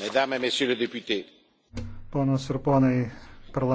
mesdames et messieurs les députés ponas ir ponai parlamente